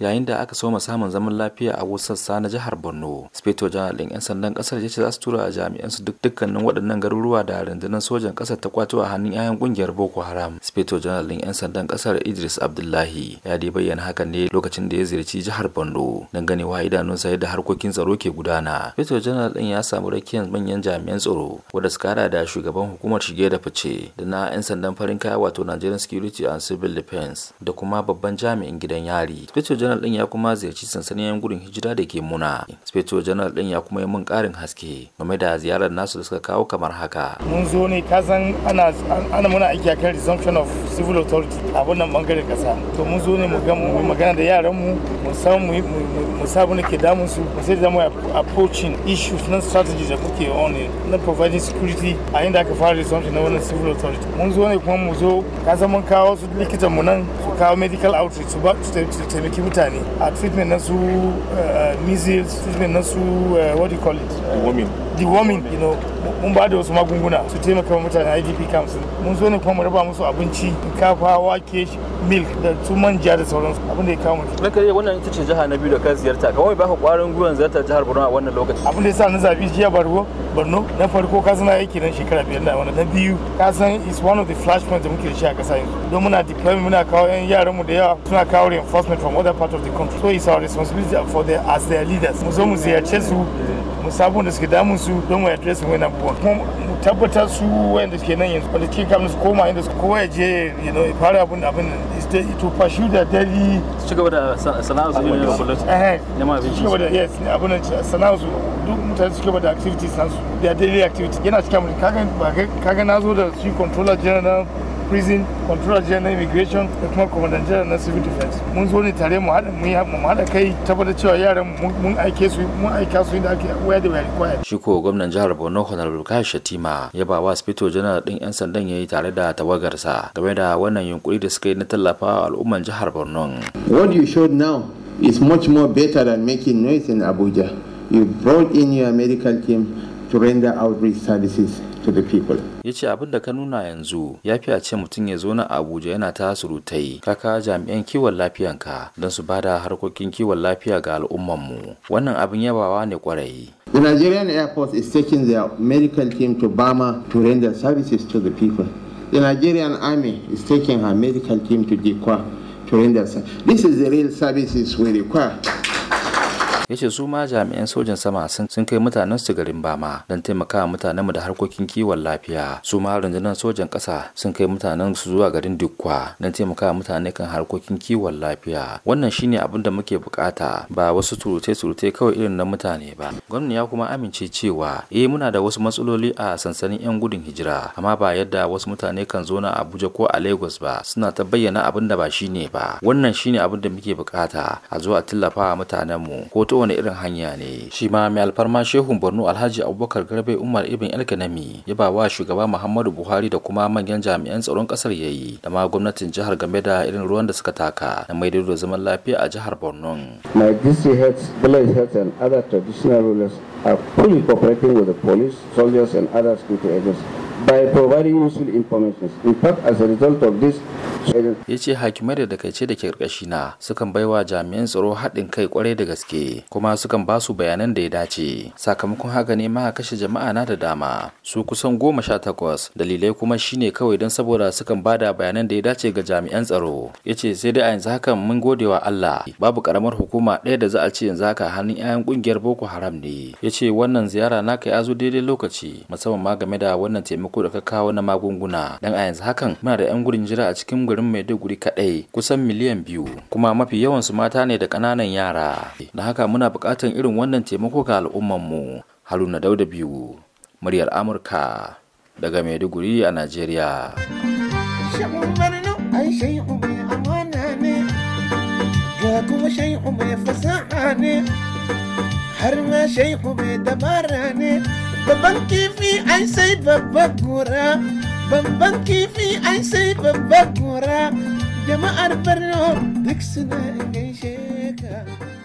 yayin da aka soma samun zaman lafiya a wasu sassa na jihar borno spato jihar ɗin 'yan sandan ƙasar ya ce za su tura a jami'an su duk dukkanin waɗannan garuruwa da rundunar sojan kasar ta kwato a hannun 'ya'yan ƙungiyar boko haram spato jihar ɗin 'yan sandan ƙasar idris abdullahi ya dai bayyana hakan ne lokacin da ya ziyarci jihar borno don ganewa idanunsa yadda harkokin tsaro ke gudana spato jihar din ya samu rakiyar manyan jami'an tsaro wanda suka hada da shugaban hukumar shige da fice da na 'yan sandan farin kaya wato nigerian security and civil defense da kuma babban jami'in gidan yari spato janar ɗin ya kuma ziyarci sansanin yan gudun hijira da ke muna inspector janar ɗin ya kuma yi mun karin haske game da ziyarar nasu da suka kawo kamar haka mun zo ne ka ana ana muna aiki akan resumption of civil authority a wannan bangaren kasa to mun zo ne mu ga magana da yaran mu mu san mu sabu ke damun su mu sai da mu approaching issues na strategies da kuke on na providing security a inda aka fara resumption na wannan civil authority mun zo ne kuma mu zo ka san mun kawo su likitan mu nan su kawo medical outreach su ba su taimaki mutane a treatment na su eh, measles treatment na su eh, what do you call it deworming deworming you know mun ba da wasu magunguna su taimaka wa mutane IDP camps mun zo ne kuma mu raba musu abinci kafa wake milk da su manja da sauransu abin da ya kawo mu wannan ita ce jiha na biyu da ka ziyarta kawai baka kwarin gwiwan ziyartar jihar Borno a wannan lokaci abin da yasa na zabi jiya Borno Borno na farko ka zana aiki nan shekara biyar da wannan na biyu ka san is one of the flash points da muke da shi a kasa yanzu don muna deployment muna kawo yan yaran mu da yawa suna kawo reinforcement from other part of the country so it's our responsibility for as their leaders mu zo mu ziyarce su mu sabon da suke damun su don mu address wannan abubuwan tabbatar su wayanda suke nan yanzu wanda cikin kamun su koma inda su kowa ya je you know fara abin abin to pursue da daily su gaba da sana'a su ne bullet eh nema abin su gaba da yes abin sana'a su duk mutane su gaba da activities nasu their daily activity yana cikin kaga kaga nazo da su controller general prison controller general na immigration da kuma commandant general na civil defense mun zo ne tare mu haɗa mu haɗa kai tabbatar cewa yaran mun aike su mun aika su inda ake waya da shi ko gwamnan jihar Borno Honorable Kai Shatima ya ba wa Spito general din yan sandan yayi tare da tawagarsa game da wannan yunkuri da suka yi na tallafa al'umman jihar Borno what you showed now is much more better than making noise in Abuja you brought in your medical team to render outreach services to the people. Ya ce abin da ka nuna yanzu ya fi a ce mutum ya zo na Abuja yana ta surutai kaka jami'an kiwon lafiyanka don su bada harkokin kiwon lafiya ga al'ummanmu. Wannan abin yabawa ne kwarai. The Nigerian Air Force is taking their medical team to Bama to render services to the people. The Nigerian Army is taking her medical team to Dikwa to render services. This is the real services we require. ya ce su ma jami'an sojan sama sun kai mutanen su garin bama don taimaka mutanen mu da harkokin kiwon lafiya su ma rundunar sojan kasa sun kai mutanen su zuwa garin dukwa don taimaka mutane kan harkokin kiwon lafiya wannan shine abin da muke bukata ba wasu turute turute kawai irin na mutane ba gwamnati ya kuma amince cewa eh muna da wasu matsaloli a sansanin yan gudun hijira amma ba yadda wasu mutane kan zo na abuja ko a lagos ba suna ta bayyana abin da ba shine ba wannan shine abin da muke bukata a zo a tallafa mutanen mu ko to wani irin hanya ne shi ma mai alfarma shehun borno alhaji abubakar garbe umar ibn elkanami ya ba wa shugaba muhammadu buhari da kuma manyan jami'an tsaron kasar ya yi da ma gwamnatin jihar game da irin ruwan da suka taka na mai da zaman lafiya a jihar borno my dc heads village heads and other traditional rulers are fully cooperating with the police soldiers and other security agents by providing useful information in fact as a result of this ya ce hakimai da dakaice da ke na sukan baiwa jami'an tsaro haɗin kai kwarai da gaske kuma sukan ba su bayanan da ya dace sakamakon haka ne ma kashe jama'a na da dama su kusan goma sha takwas dalilai kuma shine kawai don saboda sukan ba da bayanan da ya dace ga jami'an tsaro ya ce sai dai a yanzu hakan mun gode wa Allah babu karamar hukuma ɗaya da za a ce yanzu haka hannun 'ya'yan ƙungiyar Boko Haram ne ya ce wannan ziyara naka ya zo daidai lokaci musamman ma game da wannan taimako da ka kawo na magunguna dan a yanzu hakan muna da 'yan gurin jira a cikin garin Maiduguri kadai kusan miliyan biyu kuma mafi yawan su mata ne da ƙananan yara. Da haka muna buƙatar irin wannan taimako ga mu Haruna Dauda biyu, muryar Amurka daga Maiduguri a Najeriya. kuma shaihu mai fasaha ne har ma shaiku mai dabara ne babban kifi ai sai babbar gura babban kifi ai sai babban gora jama'ar borno duk suna gaishe ka